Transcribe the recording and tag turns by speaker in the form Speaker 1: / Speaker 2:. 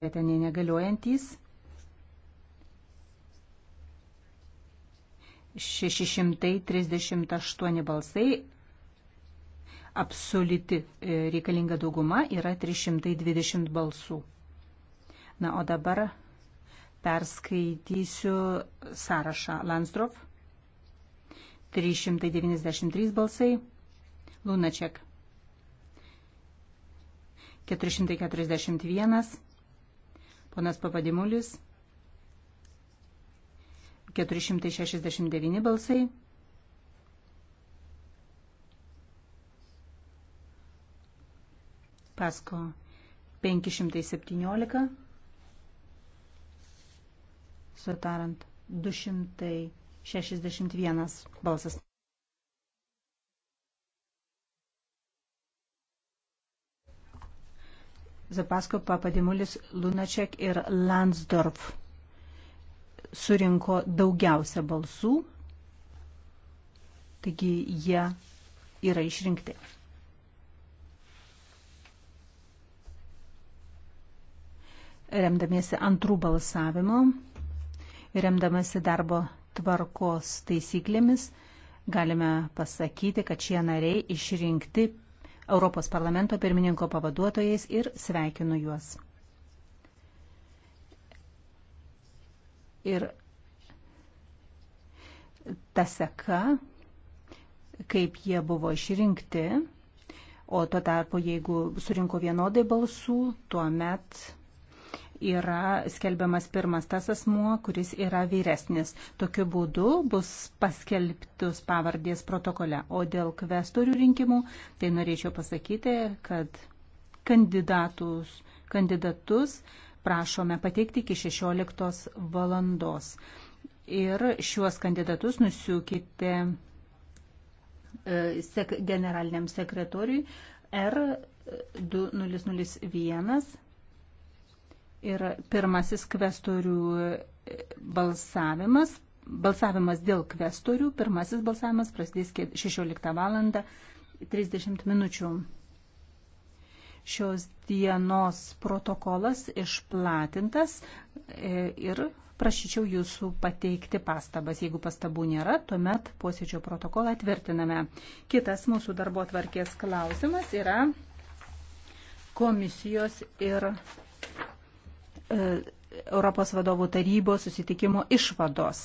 Speaker 1: ten negaliojantys. 638 balsai, absoliuti e, reikalinga dauguma yra 320 balsų. Na, o dabar perskaitysiu sąrašą. Landstrov 393 balsai, Lunaček 441, Ponas Papadimulis 469 balsai. Pasko 517. Sutarant 261 balsas. Zapasko Papadimulis, Lunaček ir Landsdorf surinko daugiausia balsų, taigi jie yra išrinkti. Remdamiesi antrų balsavimo, remdamasi darbo tvarkos taisyklėmis, galime pasakyti, kad šie nariai išrinkti Europos parlamento pirmininko pavaduotojais ir sveikinu juos. Ir ta seka, kaip jie buvo išrinkti, o tuo tarpu, jeigu surinko vienodai balsų, tuo met yra skelbiamas pirmas tas asmuo, kuris yra vyresnis. Tokiu būdu bus paskelbtus pavardės protokole. O dėl kvestorių rinkimų, tai norėčiau pasakyti, kad kandidatus, kandidatus prašome pateikti iki 16 valandos. Ir šiuos kandidatus nusiūkite e, sek, generaliniam sekretoriui R2001 Ir pirmasis kvestorių e, balsavimas. Balsavimas dėl kvestorių. Pirmasis balsavimas prasidės 16 val. 30 minučių. Šios dienos protokolas išplatintas e, ir prašyčiau jūsų pateikti pastabas. Jeigu pastabų nėra, tuomet posėdžio protokolą tvirtiname. Kitas mūsų darbo tvarkės klausimas yra komisijos ir E, Europos vadovų tarybos susitikimo išvados.